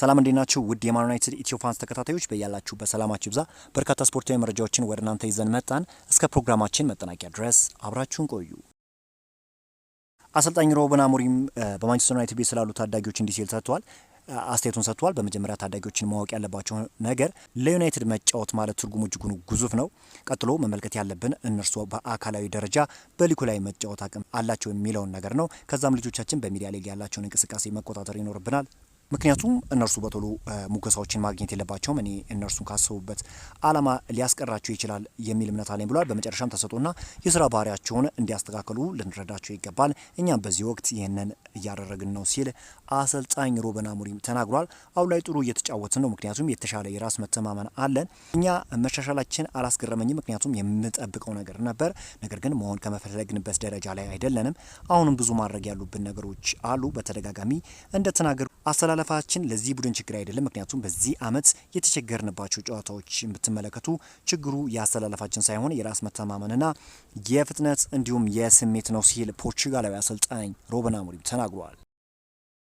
ሰላም እንዴት ውድ የማን ዩናይትድ ኢትዮ ፋንስ ተከታታዮች በያላችሁ በሰላማችሁ ይብዛ። በርካታ ስፖርታዊ መረጃዎችን ወደ እናንተ ይዘን መጣን። እስከ ፕሮግራማችን መጠናቂያ ድረስ አብራችሁን ቆዩ። አሰልጣኝ ሮብን አሞሪም በማንቸስተር ዩናይትድ ቤት ስላሉ ታዳጊዎች እንዲህ ሲል ሰጥቷል አስተያየቱን ሰጥቷል። በመጀመሪያ ታዳጊዎችን ማወቅ ያለባቸው ነገር ለዩናይትድ መጫወት ማለት ትርጉሙ እጅጉን ግዙፍ ነው። ቀጥሎ መመልከት ያለብን እነርሱ በአካላዊ ደረጃ በሊኩ ላይ መጫወት አቅም አላቸው የሚለውን ነገር ነው። ከዛም ልጆቻችን በሚዲያ ላይ ያላቸውን እንቅስቃሴ መቆጣጠር ይኖርብናል። ምክንያቱም እነርሱ በቶሎ ሙገሳዎችን ማግኘት የለባቸውም። እኔ እነርሱን ካሰቡበት አላማ ሊያስቀራቸው ይችላል የሚል እምነት አለኝ ብሏል። በመጨረሻም ተሰጥኦና የስራ ባህሪያቸውን እንዲያስተካከሉ ልንረዳቸው ይገባል። እኛም በዚህ ወቅት ይህንን እያደረግን ነው ሲል አሰልጣኝ ሩበን አሞሪም ተናግሯል። አሁን ላይ ጥሩ እየተጫወትን ነው፣ ምክንያቱም የተሻለ የራስ መተማመን አለን። እኛ መሻሻላችን አላስገረመኝም፣ ምክንያቱም የምጠብቀው ነገር ነበር። ነገር ግን መሆን ከመፈለግንበት ደረጃ ላይ አይደለንም። አሁንም ብዙ ማድረግ ያሉብን ነገሮች አሉ። በተደጋጋሚ እንደተናገሩ አሰላ ማለፋችን ለዚህ ቡድን ችግር አይደለም። ምክንያቱም በዚህ አመት የተቸገርንባቸው ጨዋታዎች ብትመለከቱ ችግሩ የአሰላለፋችን ሳይሆን የራስ መተማመንና የፍጥነት እንዲሁም የስሜት ነው ሲል ፖርቹጋላዊ አሰልጣኝ ሮበን አሞሪም ተናግሯል።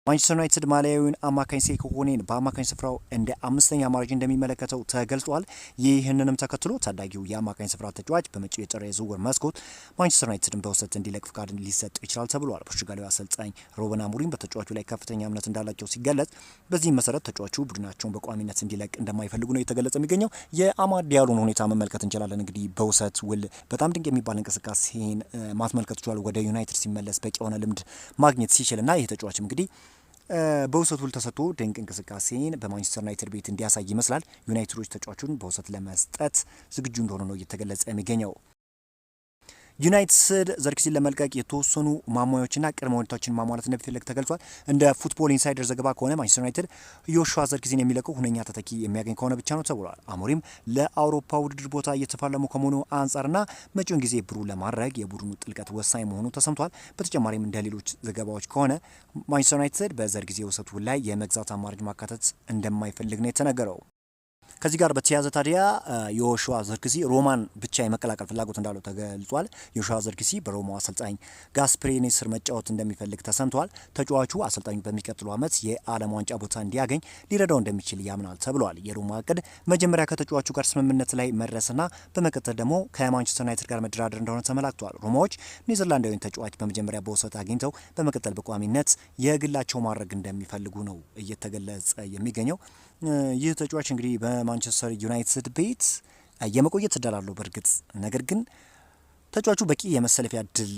ማንቸስተር ዩናይትድ ማሊያዊውን አማካኝ ሴኮ ሆኔን በአማካኝ ስፍራው እንደ አምስተኛ አማራጭ እንደሚመለከተው ተገልጿል። ይህንንም ተከትሎ ታዳጊው የአማካኝ ስፍራ ተጫዋች በመጪው የጥር የዝውውር መስኮት ማንቸስተር ዩናይትድን በውሰት እንዲለቅ ፍቃድ ሊሰጥ ይችላል ተብሏል። ፖርቹጋላዊ አሰልጣኝ ሮበን አሞሪም በተጫዋቹ ላይ ከፍተኛ እምነት እንዳላቸው ሲገለጽ፣ በዚህም መሰረት ተጫዋቹ ቡድናቸውን በቋሚነት እንዲለቅ እንደማይፈልጉ ነው የተገለጸ የሚገኘው። የአማድ ዲያሎን ሁኔታ መመልከት እንችላለን። እንግዲህ በውሰት ውል በጣም ድንቅ የሚባል እንቅስቃሴን ማስመልከት ይችላል። ወደ ዩናይትድ ሲመለስ በቂ የሆነ ልምድ ማግኘት ሲችል እና ይህ ተጫዋችም እንግዲህ በውሰት ውል ተሰጥቶ ድንቅ እንቅስቃሴን በማንቸስተር ዩናይትድ ቤት እንዲያሳይ ይመስላል። ዩናይትዶች ተጫዋቹን በውሰት ለመስጠት ዝግጁ እንደሆኑ ነው እየተገለጸ የሚገኘው። ዩናይትድ ዘርክሲን ለመልቀቅ የተወሰኑ ማሟያዎችና ቅድመ ሁኔታዎችን ማሟላት እንደሚፈልግ ተገልጿል። እንደ ፉትቦል ኢንሳይደር ዘገባ ከሆነ ማንቸስተር ዩናይትድ ዮሹዋ ዘርክሲን የሚለቀው ሁነኛ ተተኪ የሚያገኝ ከሆነ ብቻ ነው ተብሏል። አሞሪም ለአውሮፓ ውድድር ቦታ እየተፋለሙ ከመሆኑ አንጻርና መጪውን ጊዜ ብሩ ለማድረግ የቡድኑ ጥልቀት ወሳኝ መሆኑ ተሰምቷል። በተጨማሪም እንደ ሌሎች ዘገባዎች ከሆነ ማንቸስተር ዩናይትድ በዘርጊዜ ውሰቱ ላይ የመግዛት አማራጭ ማካተት እንደማይፈልግ ነው የተነገረው። ከዚህ ጋር በተያያዘ ታዲያ የዮሹዋ ዘርክሲ ሮማን ብቻ የመቀላቀል ፍላጎት እንዳለው ተገልጿል። የዮሹዋ ዘርክሲ በሮማው አሰልጣኝ ጋስፕሬኒ ስር መጫወት እንደሚፈልግ ተሰምቷል። ተጫዋቹ አሰልጣኙ በሚቀጥለው ዓመት የዓለም ዋንጫ ቦታ እንዲያገኝ ሊረዳው እንደሚችል ያምናል ተብሏል። የሮማ እቅድ መጀመሪያ ከተጫዋቹ ጋር ስምምነት ላይ መድረስና በመቀጠል ደግሞ ከማንቸስተር ዩናይትድ ጋር መደራደር እንደሆነ ተመላክቷል። ሮማዎች ኔዘርላንዳዊን ተጫዋች በመጀመሪያ በውሰት አግኝተው በመቀጠል በቋሚነት የግላቸው ማድረግ እንደሚፈልጉ ነው እየተገለጸ የሚገኘው። ይህ ተጫዋች እንግዲህ በማንቸስተር ዩናይትድ ቤት የመቆየት እድል አለው በእርግጥ ነገር ግን ተጫዋቹ በቂ የመሰለፊያ እድል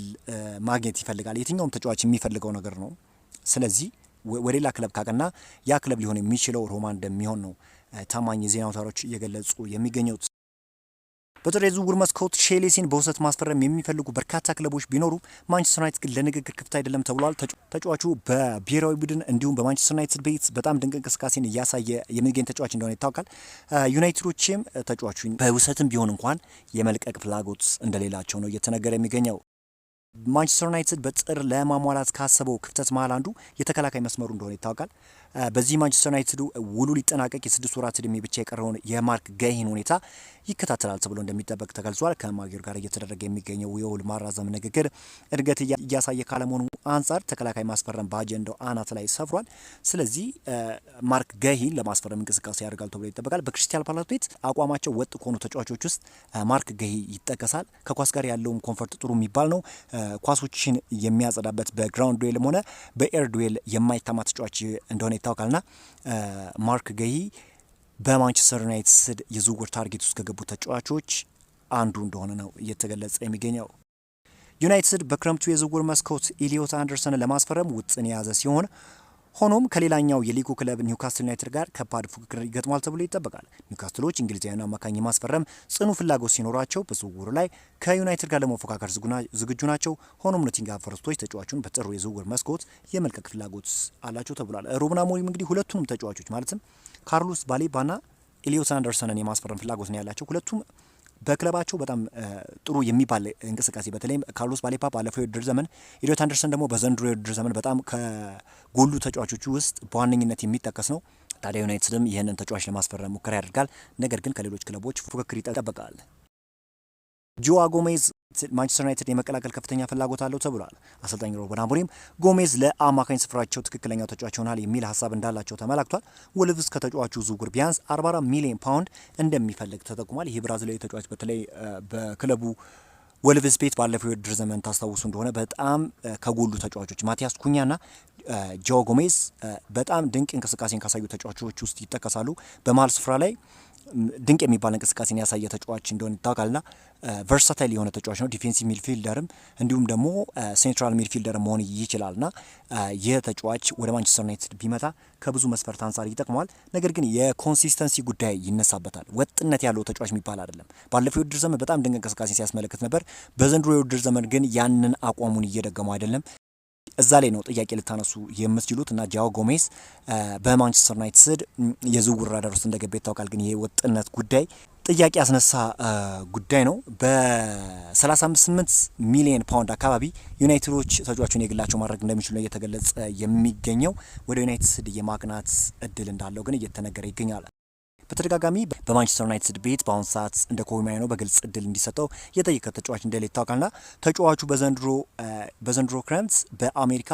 ማግኘት ይፈልጋል። የትኛውም ተጫዋች የሚፈልገው ነገር ነው። ስለዚህ ወደ ሌላ ክለብ ካቀና ያ ክለብ ሊሆን የሚችለው ሮማ እንደሚሆን ነው ታማኝ የዜና አውታሮች እየገለጹ የሚገኙት። በጥር የዝውውር መስኮት ቼልሲን በውሰት ማስፈረም የሚፈልጉ በርካታ ክለቦች ቢኖሩ ማንቸስተር ዩናይትድ ግን ለንግግር ክፍት አይደለም ተብሏል። ተጫዋቹ በብሔራዊ ቡድን እንዲሁም በማንቸስተር ዩናይትድ ቤት በጣም ድንቅ እንቅስቃሴን እያሳየ የሚገኝ ተጫዋች እንደሆነ ይታወቃል። ዩናይትዶችም ተጫዋቹን በውሰትም ቢሆን እንኳን የመልቀቅ ፍላጎት እንደሌላቸው ነው እየተነገረ የሚገኘው። ማንቸስተር ዩናይትድ በጥር ለማሟላት ካሰበው ክፍተት መሀል አንዱ የተከላካይ መስመሩ እንደሆነ ይታወቃል። በዚህ ማንቸስተር ዩናይትድ ውሉ ሊጠናቀቅ የስድስት ወራት እድሜ ብቻ የቀረውን የማርክ ገሂን ሁኔታ ይከታተላል ተብሎ እንደሚጠበቅ ተገልጿል። ከማጊር ጋር እየተደረገ የሚገኘው የውል ማራዘም ንግግር እድገት እያሳየ ካለመሆኑ አንጻር ተከላካይ ማስፈረም በአጀንዳው አናት ላይ ሰፍሯል። ስለዚህ ማርክ ገሂን ለማስፈረም እንቅስቃሴ ያደርጋል ተብሎ ይጠበቃል። በክርስቲያን ፓላስ ቤት አቋማቸው ወጥ ከሆኑ ተጫዋቾች ውስጥ ማርክ ገሂ ይጠቀሳል። ከኳስ ጋር ያለውም ኮንፈርት ጥሩ የሚባል ነው። ኳሶችን የሚያጸዳበት በግራውንድ ዱዌልም ሆነ በኤር ዱዌል የማይታማ ተጫዋች እንደሆነ ይታወቃልና ማርክ ገሂ በማንቸስተር ዩናይትድ የዝውውር ታርጌት ውስጥ ከገቡ ተጫዋቾች አንዱ እንደሆነ ነው እየተገለጸ የሚገኘው። ዩናይትድ በክረምቱ የዝውውር መስኮት ኢሊዮት አንደርሰንን ለማስፈረም ውጥን የያዘ ሲሆን ሆኖም ከሌላኛው የሊጉ ክለብ ኒውካስትል ዩናይትድ ጋር ከባድ ፉክክር ይገጥሟል ተብሎ ይጠበቃል። ኒውካስትሎች እንግሊዛውያን አማካኝ የማስፈረም ጽኑ ፍላጎት ሲኖራቸው በዝውውሩ ላይ ከዩናይትድ ጋር ለመፎካከር ዝግጁ ናቸው። ሆኖም ኖቲንግሃም ፎረስቶች ተጫዋቹን በጥሩ የዝውውር መስኮት የመልቀቅ ፍላጎት አላቸው ተብሏል። ሩበን አሞሪም እንግዲህ ሁለቱንም ተጫዋቾች ማለትም ካርሎስ ባሌባና ኤሊዮት አንደርሰንን የማስፈረም ፍላጎት ነው ያላቸው ሁለቱም በክለባቸው በጣም ጥሩ የሚባል እንቅስቃሴ በተለይም ካርሎስ ባሌፓ ባለፈው የውድድር ዘመን ኤሊዮት አንደርሰን ደግሞ በዘንድሮ የውድድር ዘመን በጣም ከጎሉ ተጫዋቾቹ ውስጥ በዋነኝነት የሚጠቀስ ነው። ታዲያ ዩናይትድም ይህንን ተጫዋች ለማስፈረም ሙከራ ያደርጋል። ነገር ግን ከሌሎች ክለቦች ፉክክር ይጠበቃል። ጆዋ ጎሜዝ ማንቸስተር ዩናይትድ የመቀላቀል ከፍተኛ ፍላጎት አለው ተብሏል። አሰልጣኝ ሩበን አሞሪም ጎሜዝ ለአማካኝ ስፍራቸው ትክክለኛው ተጫዋች ይሆናል የሚል ሀሳብ እንዳላቸው ተመላክቷል። ወልቭስ ከተጫዋቹ ዝውውር ቢያንስ 44 ሚሊዮን ፓውንድ እንደሚፈልግ ተጠቁሟል። ይህ ብራዚላዊ ተጫዋች በተለይ በክለቡ ወልቭስ ቤት ባለፈው የውድድር ዘመን ታስታውሱ እንደሆነ በጣም ከጎሉ ተጫዋቾች ማቲያስ ኩኛና ጆ ጎሜዝ በጣም ድንቅ እንቅስቃሴን ካሳዩ ተጫዋቾች ውስጥ ይጠቀሳሉ። በመሀል ስፍራ ላይ ድንቅ የሚባል እንቅስቃሴን ያሳየ ተጫዋች እንደሆነ ይታወቃልና ቨርሳታይል የሆነ ተጫዋች ነው። ዲፌንሲቭ ሚድፊልደርም እንዲሁም ደግሞ ሴንትራል ሚድፊልደር መሆን ይችላልና ይህ ተጫዋች ወደ ማንቸስተር ዩናይትድ ቢመጣ ከብዙ መስፈርት አንጻር ይጠቅመዋል። ነገር ግን የኮንሲስተንሲ ጉዳይ ይነሳበታል። ወጥነት ያለው ተጫዋች የሚባል አይደለም። ባለፈው የውድድር ዘመን በጣም ድንቅ እንቅስቃሴ ሲያስመለክት ነበር። በዘንድሮ የውድድር ዘመን ግን ያንን አቋሙን እየደገመው አይደለም። እዛ ላይ ነው ጥያቄ ልታነሱ የምትችሉት እና ጃዋ ጎሜዝ በማንቸስተር ዩናይትድ ስድ የዝውውር ራዳር ውስጥ እንደገባ ይታወቃል። ግን ይሄ ወጥነት ጉዳይ ጥያቄ ያስነሳ ጉዳይ ነው። በ38 ሚሊዮን ፓውንድ አካባቢ ዩናይትዶች ተጫዋቹን የግላቸው ማድረግ እንደሚችሉ ነው እየተገለጸ የሚገኘው። ወደ ዩናይትድ የማቅናት እድል እንዳለው ግን እየተነገረ ይገኛል። በተደጋጋሚ በማንቸስተር ዩናይትድ ቤት በአሁኑ ሰዓት እንደ ኮሚያኖ በግልጽ እድል እንዲሰጠው የጠየቀ ተጫዋች እንደሌለ ይታወቃልና ተጫዋቹ በዘንድሮ ክረምት በአሜሪካ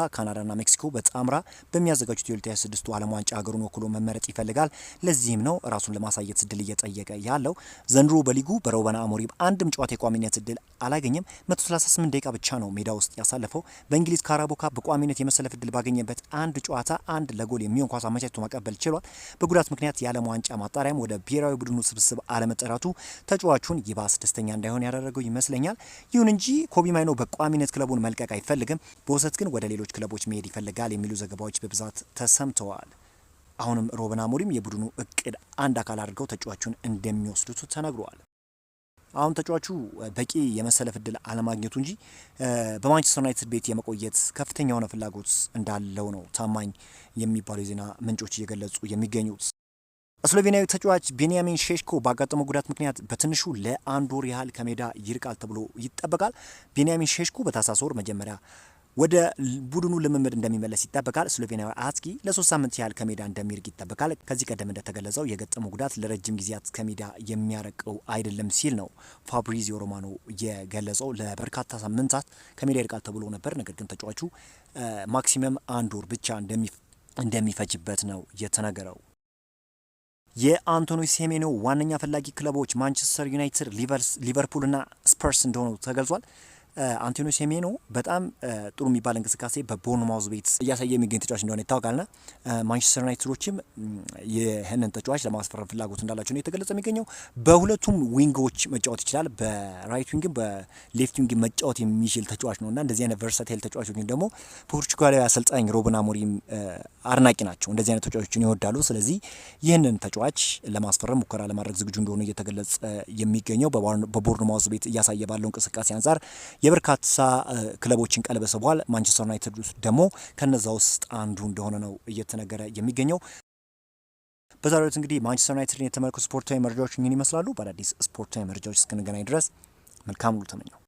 ና ሜክሲኮ በጣምራ በሚያዘጋጁት የ 2026 ዓለም ዋንጫ ሀገሩን ወክሎ መመረጥ ይፈልጋል። ለዚህም ነው ራሱን ለማሳየት እድል እየጠየቀ ያለው። ዘንድሮ በሊጉ በሩበን አሞሪም አንድም ጨዋታ የቋሚነት እድል አላገኘም። 138 ደቂቃ ብቻ ነው ሜዳ ውስጥ ያሳለፈው። በእንግሊዝ ካራቦ ካፕ በቋሚነት የመሰለፍ እድል ባገኘበት አንድ ጨዋታ አንድ ለጎል የሚሆን ኳስ አመቻችቶ ማቀበል ችሏል። በጉዳት ምክንያት የዓለም ዋንጫ ማጣ ጣሪያም ወደ ብሔራዊ ቡድኑ ስብስብ አለመጠራቱ ተጫዋቹን ይባስ ደስተኛ እንዳይሆን ያደረገው ይመስለኛል። ይሁን እንጂ ኮቢ ማይኖ በቋሚነት ክለቡን መልቀቅ አይፈልግም፣ በውሰት ግን ወደ ሌሎች ክለቦች መሄድ ይፈልጋል የሚሉ ዘገባዎች በብዛት ተሰምተዋል። አሁንም ሮበን አሞሪም የቡድኑ እቅድ አንድ አካል አድርገው ተጫዋቹን እንደሚወስዱት ተነግሯል። አሁን ተጫዋቹ በቂ የመሰለፍ እድል አለማግኘቱ እንጂ በማንቸስተር ዩናይትድ ቤት የመቆየት ከፍተኛ የሆነ ፍላጎት እንዳለው ነው ታማኝ የሚባሉ የዜና ምንጮች እየገለጹ የሚገኙት። ስሎቬኒያዊ ተጫዋች ቤንያሚን ሼሽኮ ባጋጠመው ጉዳት ምክንያት በትንሹ ለአንድ ወር ያህል ከሜዳ ይርቃል ተብሎ ይጠበቃል። ቤንያሚን ሼሽኮ በታህሳስ ወር መጀመሪያ ወደ ቡድኑ ልምምድ እንደሚመለስ ይጠበቃል። ስሎቬኒያዊ አጥቂ ለሶስት ሳምንት ያህል ከሜዳ እንደሚርቅ ይጠበቃል። ከዚህ ቀደም እንደተገለጸው የገጠመው ጉዳት ለረጅም ጊዜያት ከሜዳ የሚያረቀው አይደለም ሲል ነው ፋብሪዚዮ ሮማኖ የገለጸው። ለበርካታ ሳምንታት ከሜዳ ይርቃል ተብሎ ነበር። ነገር ግን ተጫዋቹ ማክሲመም አንድ ወር ብቻ እንደሚፈጅበት ነው የተነገረው። የአንቶኒ ሴሜንዮ ዋነኛ ፈላጊ ክለቦች ማንቸስተር ዩናይትድ፣ ሊቨርፑል ና ስፐርስ እንደሆኑ ተገልጿል። አንቶኒዮ ሴሜኖ በጣም ጥሩ የሚባል እንቅስቃሴ በቦርንማውዝ ቤት እያሳየ የሚገኝ ተጫዋች እንደሆነ ይታወቃል ና ማንቸስተር ዩናይትዶችም ይህንን ተጫዋች ለማስፈረም ፍላጎት እንዳላቸው ነው የተገለጸ የሚገኘው። በሁለቱም ዊንጎች መጫወት ይችላል። በራይት ዊንግም በሌፍት ዊንግ መጫወት የሚችል ተጫዋች ነው እና እንደዚህ አይነት ቨርሳታይል ተጫዋቾችን ደግሞ ፖርቹጋላዊ አሰልጣኝ ሮብን አሞሪም አድናቂ ናቸው። እንደዚህ አይነት ተጫዋቾችን ይወዳሉ። ስለዚህ ይህንን ተጫዋች ለማስፈረም ሙከራ ለማድረግ ዝግጁ እንደሆኑ እየተገለጸ የሚገኘው በቦርንማውዝ ቤት እያሳየ ባለው እንቅስቃሴ አንጻር የበርካታ ክለቦችን ቀለበሰ በኋላ ማንቸስተር ዩናይትድ ውስጥ ደግሞ ከነዛ ውስጥ አንዱ እንደሆነ ነው እየተነገረ የሚገኘው። በዛሬው ዕለት እንግዲህ ማንቸስተር ዩናይትድን የተመለከቱ ስፖርታዊ መረጃዎች ይህን ይመስላሉ። በአዳዲስ ስፖርታዊ መረጃዎች እስክንገናኝ ድረስ መልካም ሉ ተመኘው።